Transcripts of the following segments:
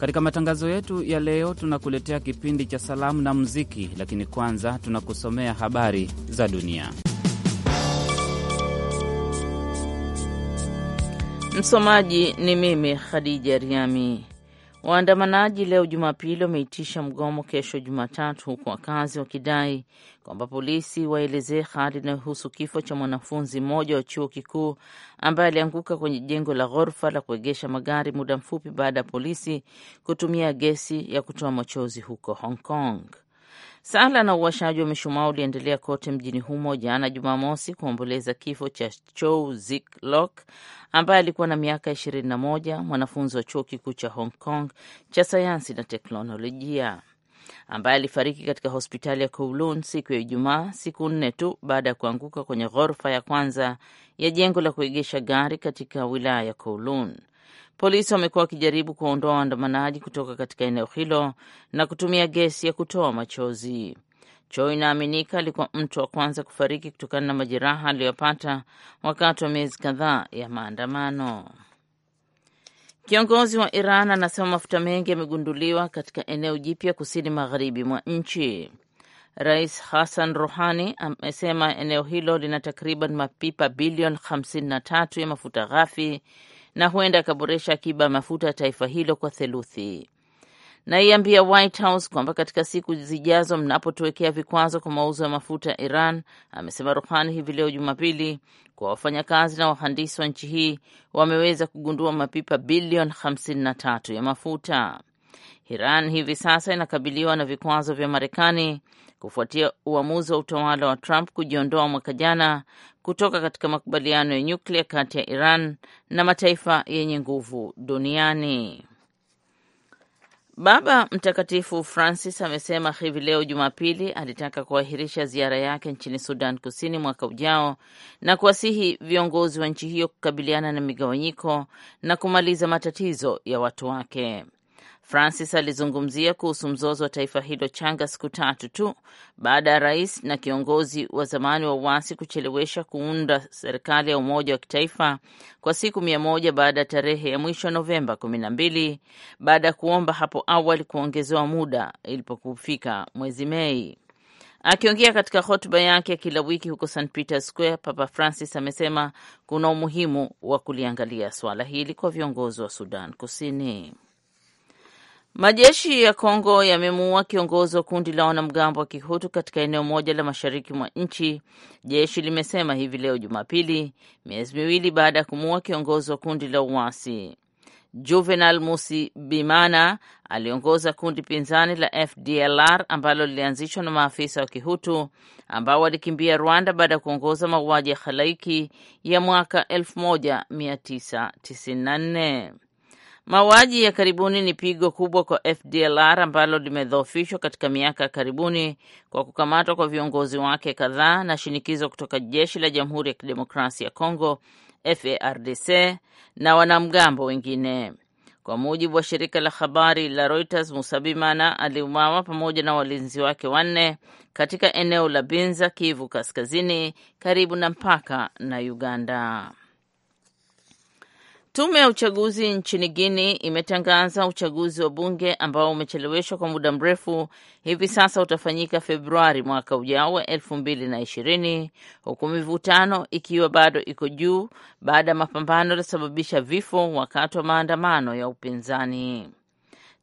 Katika matangazo yetu ya leo tunakuletea kipindi cha salamu na muziki, lakini kwanza tunakusomea habari za dunia. Msomaji ni mimi Khadija Riami. Waandamanaji leo Jumapili wameitisha mgomo kesho Jumatatu, huku wakazi wakidai kwamba polisi waelezee hali inayohusu kifo cha mwanafunzi mmoja wa chuo kikuu ambaye alianguka kwenye jengo la ghorofa la kuegesha magari muda mfupi baada ya polisi kutumia gesi ya kutoa machozi huko Hong Kong. Sala na uwashaji wa mishumaa uliendelea kote mjini humo jana Jumamosi kuomboleza kifo cha chou Zik Lok ambaye alikuwa na miaka 21, mwanafunzi wa chuo kikuu cha Hong Kong cha sayansi na teknolojia ambaye alifariki katika hospitali ya Kowloon siku ya Ijumaa, siku nne tu baada ya kuanguka kwenye ghorofa ya kwanza ya jengo la kuegesha gari katika wilaya ya Kowloon. Polisi wamekuwa wakijaribu kuwaondoa waandamanaji kutoka katika eneo hilo na kutumia gesi ya kutoa machozi. Cho inaaminika alikuwa mtu wa kwanza kufariki kutokana na majeraha aliyopata wakati wa miezi kadhaa ya maandamano. Kiongozi wa Iran anasema mafuta mengi yamegunduliwa katika eneo jipya kusini magharibi mwa nchi. Rais Hassan Rouhani amesema eneo hilo lina takriban mapipa bilioni 53 ya mafuta ghafi na huenda akaboresha akiba ya mafuta ya taifa hilo kwa theluthi. Naiambia White House kwamba katika siku zijazo mnapotuwekea vikwazo kwa mauzo ya mafuta ya Iran, amesema Ruhani hivi leo Jumapili, kwa wafanyakazi na wahandisi wa nchi hii wameweza kugundua mapipa bilioni 53 ya mafuta. Iran hivi sasa inakabiliwa na vikwazo vya Marekani kufuatia uamuzi wa utawala wa Trump kujiondoa mwaka jana kutoka katika makubaliano ya nyuklia kati ya Iran na mataifa yenye nguvu duniani. Baba Mtakatifu Francis amesema hivi leo Jumapili alitaka kuahirisha ziara yake nchini Sudan Kusini mwaka ujao na kuwasihi viongozi wa nchi hiyo kukabiliana na migawanyiko na kumaliza matatizo ya watu wake. Francis alizungumzia kuhusu mzozo wa taifa hilo changa siku tatu tu baada ya rais na kiongozi wa zamani wa uasi kuchelewesha kuunda serikali ya umoja wa kitaifa kwa siku mia moja baada ya tarehe ya mwisho Novemba kumi na mbili baada ya kuomba hapo awali kuongezewa muda ilipokufika mwezi Mei. Akiongea katika hotuba yake ya kila wiki huko St Peter Square, Papa Francis amesema kuna umuhimu wa kuliangalia suala hili kwa viongozi wa Sudan Kusini. Majeshi ya Kongo yamemuua kiongozi wa kundi la wanamgambo wa Kihutu katika eneo moja la mashariki mwa nchi, jeshi limesema hivi leo Jumapili, miezi miwili baada ya kumuua kiongozi wa kundi la uasi. Juvenal Musi Bimana aliongoza kundi pinzani la FDLR ambalo lilianzishwa na maafisa wa Kihutu ambao walikimbia Rwanda baada ya kuongoza mauaji ya halaiki ya mwaka 1994. Mauaji ya karibuni ni pigo kubwa kwa FDLR ambalo limedhoofishwa katika miaka ya karibuni kwa kukamatwa kwa viongozi wake kadhaa na shinikizo kutoka jeshi la Jamhuri ya Kidemokrasia ya Kongo FARDC na wanamgambo wengine. Kwa mujibu wa shirika la habari la Reuters, Musabimana aliuawa pamoja na walinzi wake wanne katika eneo la Binza, Kivu Kaskazini, karibu na mpaka na Uganda. Tume ya uchaguzi nchini Guini imetangaza uchaguzi wa bunge ambao umecheleweshwa kwa muda mrefu hivi sasa utafanyika Februari mwaka ujao wa elfu mbili na ishirini, huku mivutano ikiwa bado iko juu baada ya mapambano yaliosababisha vifo wakati wa maandamano ya upinzani.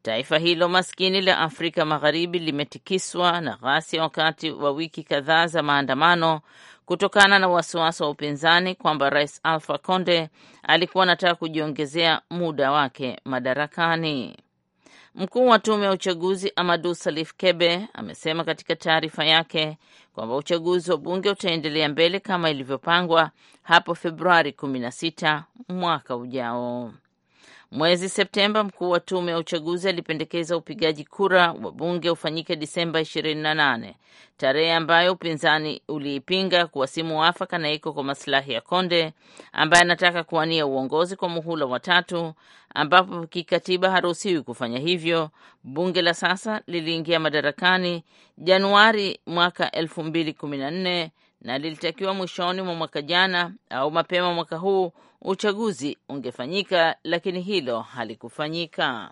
Taifa hilo maskini la Afrika Magharibi limetikiswa na ghasia wakati wa wiki kadhaa za maandamano kutokana na wasiwasi wa upinzani kwamba Rais Alpha Conde alikuwa anataka kujiongezea muda wake madarakani. Mkuu wa tume ya uchaguzi Amadu Salif Kebe amesema katika taarifa yake kwamba uchaguzi wa bunge utaendelea mbele kama ilivyopangwa hapo Februari 16 mwaka ujao. Mwezi Septemba, mkuu wa tume ya uchaguzi alipendekeza upigaji kura wa bunge ufanyike Disemba 28, tarehe ambayo upinzani uliipinga kuwa si muafaka na iko kwa masilahi ya Konde ambaye anataka kuwania uongozi kwa muhula watatu, ambapo kikatiba haruhusiwi kufanya hivyo. Bunge la sasa liliingia madarakani Januari mwaka 2014 na lilitakiwa mwishoni mwa mwaka jana au mapema mwaka huu uchaguzi ungefanyika, lakini hilo halikufanyika.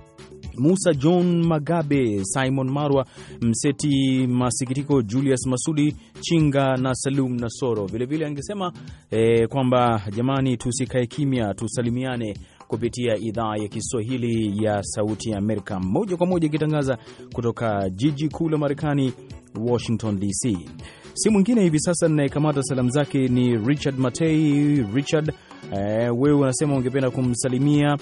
Musa John Magabe, Simon Marwa, Mseti Masikitiko, Julius Masudi Chinga na Salum Nasoro. Vilevile angesema eh, kwamba jamani, tusikae kimya, tusalimiane kupitia idhaa ya Kiswahili ya Sauti ya Amerika, moja kwa moja ikitangaza kutoka jiji kuu la Marekani, Washington DC. Si mwingine hivi sasa ninayekamata salamu zake ni Richard Matei. Richard, eh, wewe unasema ungependa kumsalimia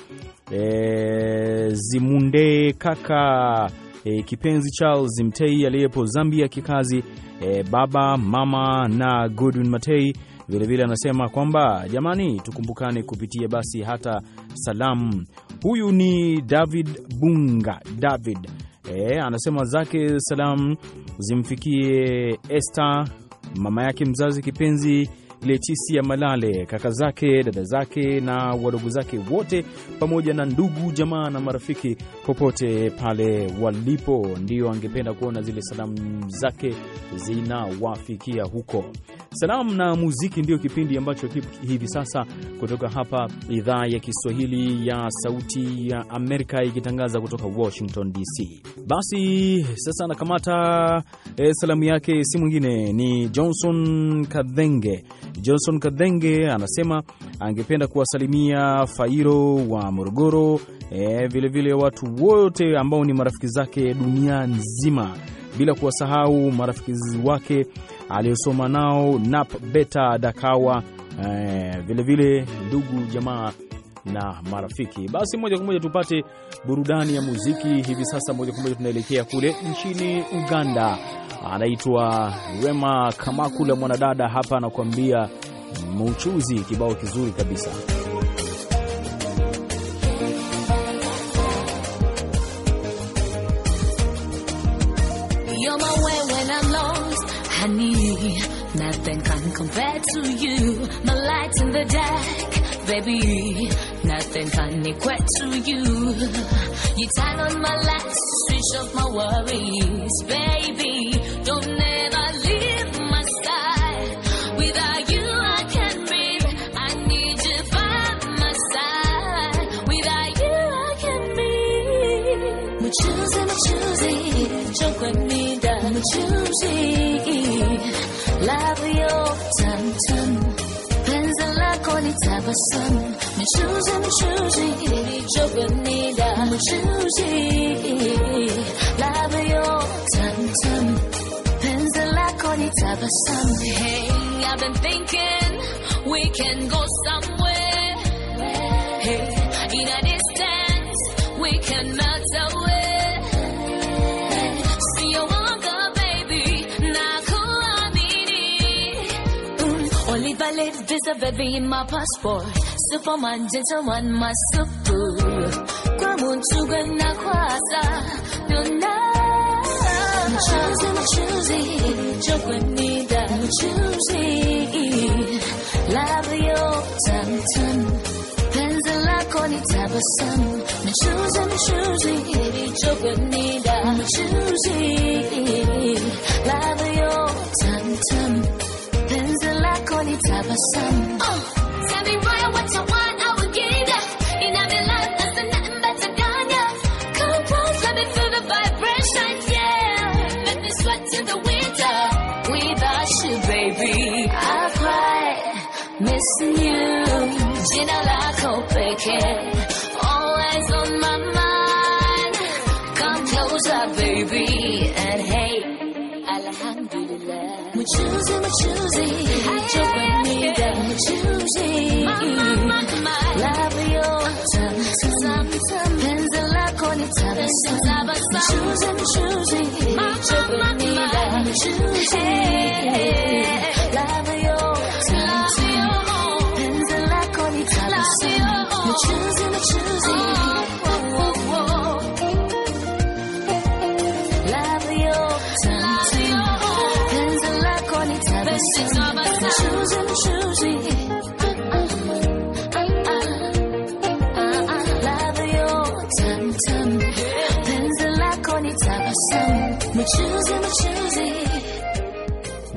eh, Zimunde kaka E, kipenzi Charles Mtei aliyepo Zambia kikazi, e, baba mama na Godwin Matei vilevile anasema kwamba jamani, tukumbukane kupitia basi hata salamu. Huyu ni David Bunga David E, anasema zake salamu zimfikie Esther, mama yake mzazi kipenzi Leticia Malale, kaka zake, dada zake na wadogo zake wote, pamoja na ndugu jamaa na marafiki popote pale walipo. ndio angependa kuona zile salamu zake zinawafikia huko. Salamu na muziki ndiyo kipindi ambacho hivi sasa kutoka hapa idhaa ya Kiswahili ya Sauti ya Amerika ikitangaza kutoka Washington DC. Basi sasa nakamata e, salamu yake si mwingine ni Johnson Kadhenge. Johnson Kadhenge anasema angependa kuwasalimia Fairo wa Morogoro, e, vilevile watu wote ambao ni marafiki zake dunia nzima bila kuwasahau marafiki wake aliyosoma nao Nap Beta Dakawa, vilevile eh, ndugu jamaa na marafiki. Basi moja kwa moja tupate burudani ya muziki hivi sasa. Moja kwa moja tunaelekea kule nchini Uganda. Anaitwa Rema Kamakula, mwanadada hapa anakuambia mchuzi, kibao kizuri kabisa. honey. Nothing can compare to you. My light in the dark, baby. Nothing can equate to you. You turn on my lights, switch off my worries, baby. Don't ever leave my side. Without you, I can't breathe. I need you by my side. Without you, I can't breathe. we choosing, we're choosing. Chocolate me choosing labio tantan penzi lako litabasamu mchuzi mchuzi ilichopenida mchuzi labio tantan penzi lako litabasamu hey I've been thinking we can go somewhere hey in a distance we can melt away There's a baby in my passport. Superman, gentleman, masupu. Kwa muntuga na kwasa. Dona. Mchuzi, mchuzi. I'm choosing, Love yo, tam tam. Penzi lako ni tabasamu. Mchuzi, mchuzi. I'm choosing, Love you, tam tam. Uh, tell me why? what's you want. choosing, we're choosing. Joke with me that we're choosing. Love your time, time, time. Pens and lock on time, time.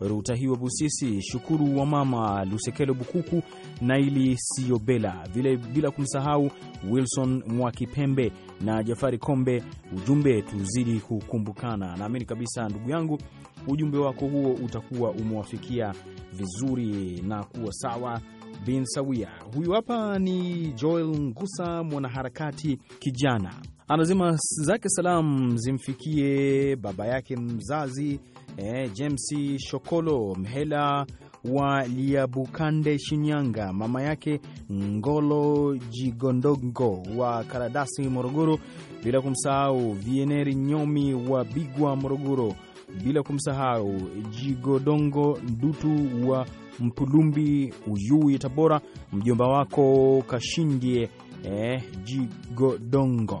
Rutahiwa Busisi, Shukuru wa Mama Lusekelo, Bukuku Naili Siobela, vile bila kumsahau Wilson Mwakipembe na Jafari Kombe. Ujumbe tuzidi kukumbukana. Naamini kabisa ndugu yangu, ujumbe wako huo utakuwa umewafikia vizuri na kuwa sawa bin sawia. Huyu hapa ni Joel Ngusa, mwanaharakati kijana, anasema zake salam zimfikie baba yake mzazi eh, James Shokolo Mhela wa Liabukande, Shinyanga, mama yake Ngolo Jigondongo wa Karadasi, Morogoro, bila kumsahau Vieneri Nyomi wa Bigwa, Morogoro, bila kumsahau Jigodongo Ndutu wa Mpulumbi, Uyui, Tabora, mjomba wako Kashindie eh, Jigodongo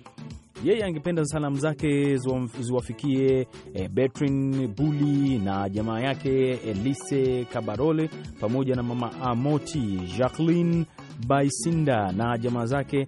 yeye angependa salamu zake ziwafikie e, eh, Betrin Buli na jamaa yake Elise Kabarole pamoja na mama Amoti Jacqueline Baisinda na jamaa zake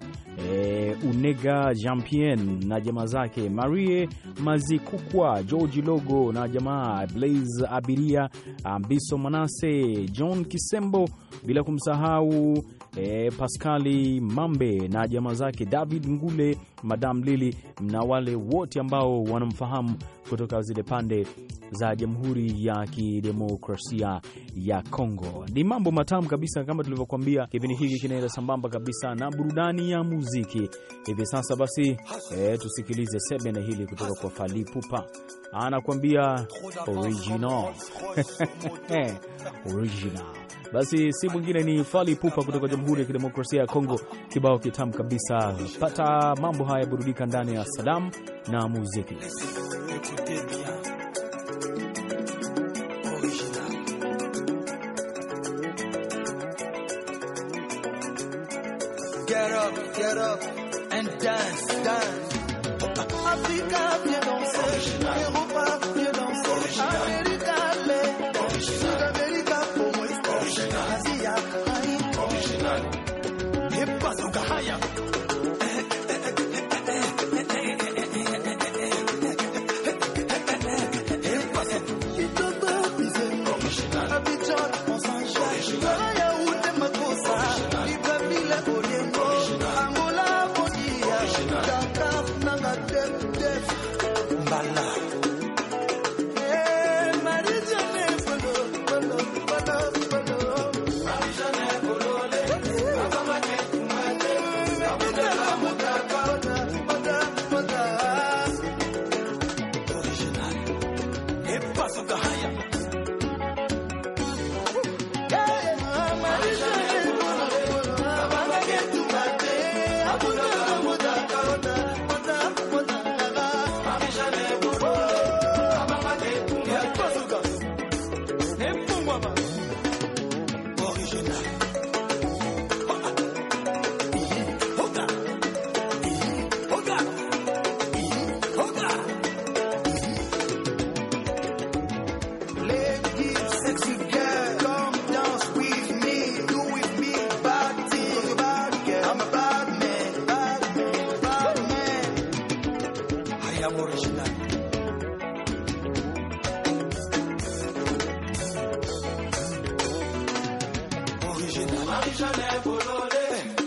e, Unega Jampien na jamaa zake Marie Mazikukwa, George Logo na jamaa Blaze Abiria Ambiso Manase John Kisembo, bila kumsahau e, Paskali Mambe na jamaa zake David Ngule, Madam Lili na wale wote ambao wanamfahamu kutoka zile pande za Jamhuri ya Kidemokrasia ya Kongo. Ni mambo matamu kabisa, kama tulivyokuambia, kipindi hiki kinaenda sambamba kabisa na burudani ya muziki hivi sasa. Basi e, tusikilize sebene hili kutoka kwa Fali Pupa anakuambia original original basi si mwingine ni fali pupa kutoka Jamhuri ya Kidemokrasia ya Kongo, kibao kitamu kabisa. Pata mambo haya, burudika ndani ya salamu na muziki. Get up, get up and dance, dance. Africa, Hey.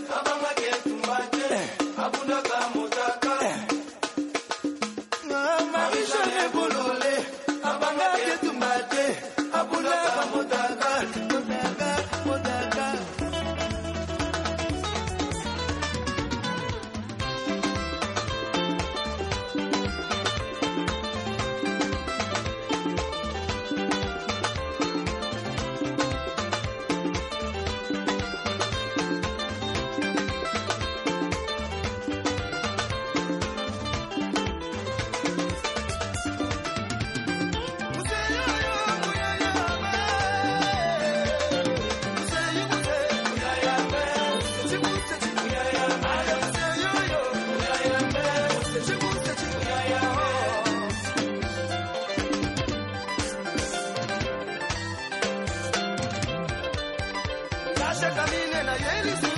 Acha camina na sí.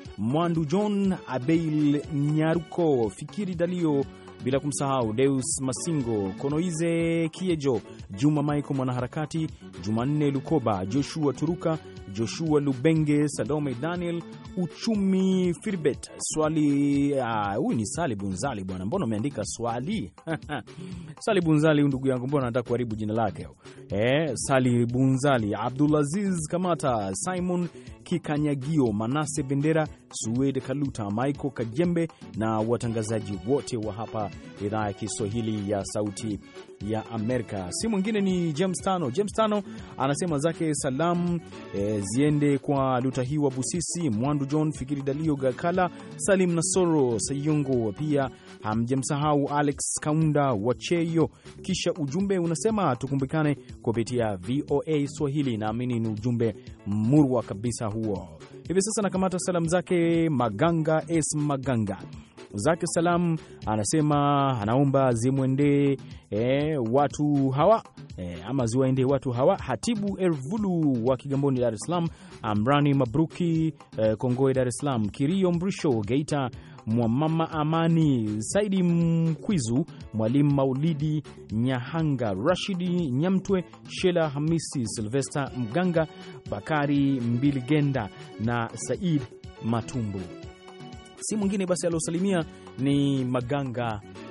Mwandu John Abeil Nyaruko, Fikiri Dalio, bila kumsahau Deus Masingo, Konoize Kiejo, Juma Maiko mwanaharakati, Jumanne Lukoba, Joshua Turuka, Joshua Lubenge, Salome Daniel, Uchumi Firbet, Swali ah, huyu uh, ni Sali Bunzali bwana, mbona umeandika Swali? Sali Bunzali ndugu yangu, mbona nataka kuharibu jina lake eh? Sali Bunzali, Abdulaziz Kamata, Simon Kikanyagio, Manase Bendera, Suwed Kaluta, Maiko Kajembe na watangazaji wote wa hapa idhaa ya Kiswahili ya Sauti ya Amerika. Si mwingine ni James Tano. James Tano anasema zake salamu e, ziende kwa wa Busisi, Mwandu John, Fikiri Dalio, Gakala Salim Nasoro Sayungo, pia hamjamsahau Alex Kaunda Wacheyo. Kisha ujumbe unasema tukumbikane kupitia VOA Swahili. Naamini ni ujumbe murwa kabisa huo. Hivi sasa nakamata salamu zake Maganga es Maganga zake salamu anasema anaomba zimwendee eh, watu hawa e, ama ziwaendee watu hawa: Hatibu Elvulu wa Kigamboni, Dar es Salaam, Amrani Mabruki e, Kongoe, Dar es Salaam, Kirio Mrisho Geita, mwa Mama Amani, Saidi Mkwizu, Mwalimu Maulidi Nyahanga, Rashidi Nyamtwe, Shela Hamisi, Silvesta Mganga, Bakari Mbiligenda na Said Matumbu. Si mwingine basi aliosalimia ni Maganga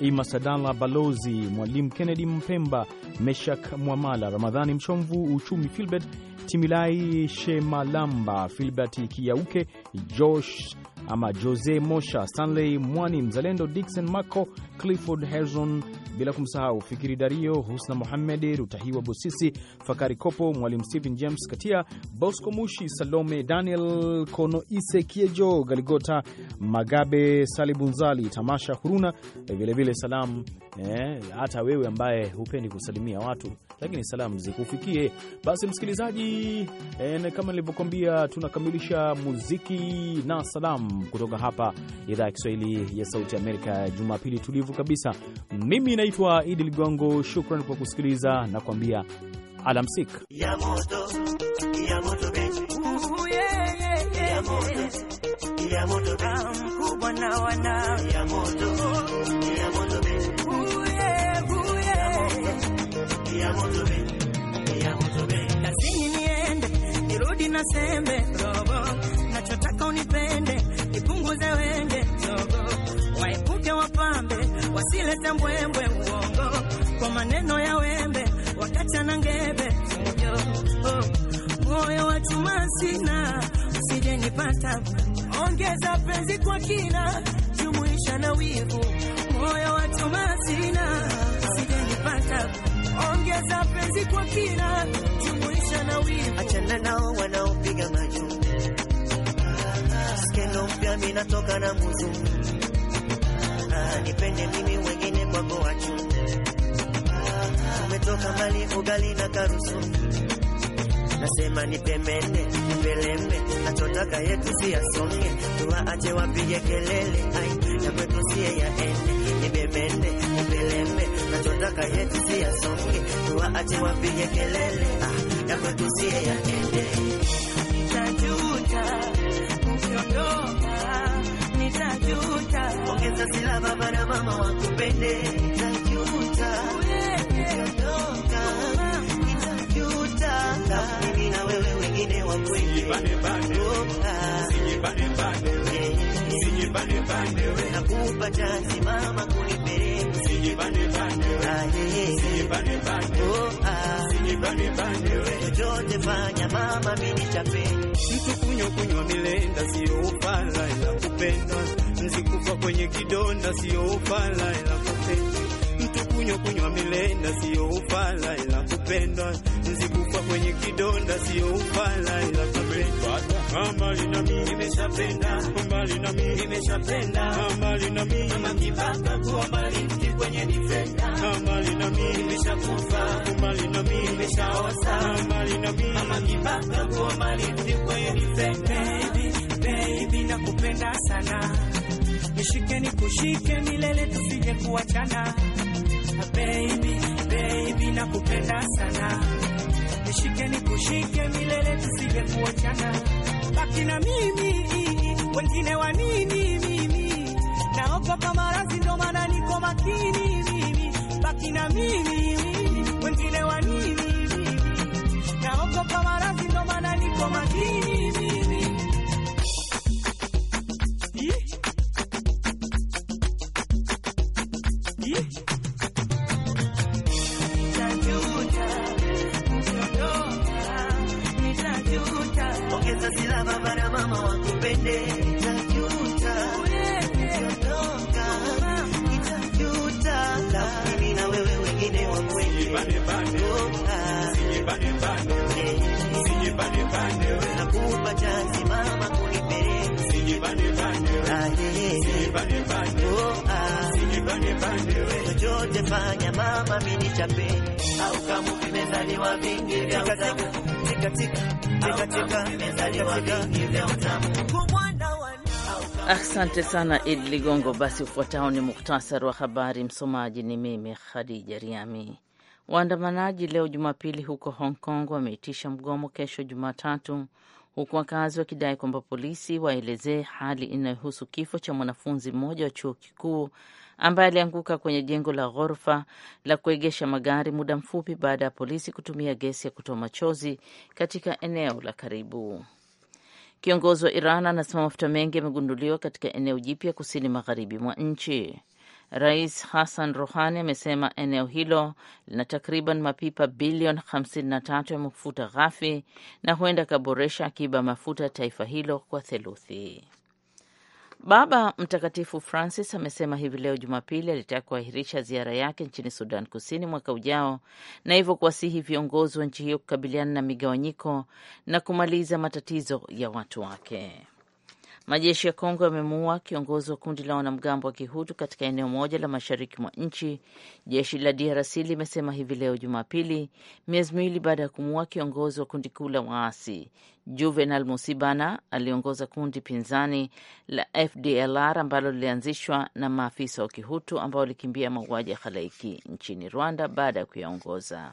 imasadala Balozi Mwalimu Kennedy Mpemba, Meshak Mwamala, Ramadhani Mchomvu, Uchumi Filbert Timilai, Shemalamba Filbert Kiauke, Josh ama Jose Mosha, Stanley Mwani, Mzalendo Dikson maco Clifford Herzon, bila kumsahau Fikiri Dario, Husna muhammed Rutahiwa, Bosisi Fakari Kopo, Mwalimu Stephen James Katia, Bosco Mushi, Salome Daniel Konoise, Kiejo Galigota, Magabe Salibunzali, Tamasha Huruna, eh, vilevile salamu eh, hata eh, wewe ambaye hupendi kusalimia watu lakini salamu zikufikie. Basi msikilizaji, eh, kama nilivyokuambia, tunakamilisha muziki na salamu kutoka hapa idhaa ya Kiswahili ya Sauti ya Amerika ya Jumapili tulivu kabisa. Mimi naitwa Idi Ligongo, shukran kwa kusikiliza na kuambia alamsik Ya moto, ya moto. na sembe nachotaka unipende nipunguze wende waepuke wapambe wasilete mbwembwe uongo kwa maneno ya wembe wakacha na ngebe oh, moyo oh, wa chuma sina usije nipata ongeza penzi kwa kina jumuisha na wivu moyo wa chuma sina usije nipata ongeza penzi kwa kina, jumuisha na wivu, achana nao wanaopiga maju. Skendo mpya natoka na muzu, nipende mimi wengine kwako wachu, umetoka mbali ugali na karusu Nasema nipemene peleme atotaka yetu si asonge tuwaache wapige kelele ai na kwetu sie ya Mipaka yetu si ya songe, tuwaache wapige kelele, ah, ya kwetu si ya Nitajuta ukiondoka, nitajuta. Ongeza sila baba na mama wakupende. Nitajuta ukiondoka, nitajuta. Mimi na wewe wengine wakwende. Nakupa chansi mama kunipeleka chochote fanya mama mtu kunywa kunywa milenda sio ufala ila kupenda mzi kwenye kidonda sio ufala ila kupenda mtu kunywa kunywa milenda sio ufala ila kupenda mzi kwenye kidonda sio ufala ila kupenda mama lina mimi nimeshapenda mama lina mimi nimeshapenda mama lina mimi mama kipaka kuwa mbali kwenye defender, mbali na mimi nimeshakufa, mbali na mimi nimeshaoza, mbali na mimi mama kibaba kwa mbali ni kwenye defender, baby baby nakupenda sana, nishike nikushike milele tusije kuachana, baby baby nakupenda sana, nishike nikushike milele tusije kuachana, baki na mimi, wengine wa nini? kuchapa marazi ndio maana niko makini mimi, baki na mimi chochote fanya mama, mini chapeni au kama vingi vya utamu, vingi vya utamu. Asante sana Id Ligongo. Basi ufuatao ni muktasari wa habari. Msomaji ni mimi Khadija Riami. Waandamanaji leo Jumapili huko Hong Kong wameitisha mgomo kesho Jumatatu, huku wakazi wakidai kwamba polisi waelezee hali inayohusu kifo cha mwanafunzi mmoja wa chuo kikuu ambaye alianguka kwenye jengo la ghorofa la kuegesha magari muda mfupi baada ya polisi kutumia gesi ya kutoa machozi katika eneo la karibu. Kiongozi wa Iran anasema mafuta mengi yamegunduliwa katika eneo jipya kusini magharibi mwa nchi. Rais Hassan Rouhani amesema eneo hilo lina takriban mapipa bilioni 53 ya mafuta ghafi na huenda akaboresha akiba mafuta ya taifa hilo kwa theluthi. Baba Mtakatifu Francis amesema hivi leo Jumapili alitaka kuahirisha ziara yake nchini Sudan Kusini mwaka ujao na hivyo kuwasihi viongozi wa nchi hiyo kukabiliana na migawanyiko na kumaliza matatizo ya watu wake. Majeshi ya Kongo yamemuua kiongozi wa kundi la wanamgambo wa Kihutu katika eneo moja la mashariki mwa nchi, jeshi la DRC limesema hivi leo Jumapili, miezi miwili baada ya kumuua kiongozi wa kundi kuu la waasi Juvenal Musibana aliongoza kundi pinzani la FDLR ambalo lilianzishwa na maafisa wa Kihutu ambao walikimbia mauaji ya halaiki nchini Rwanda baada ya kuyaongoza.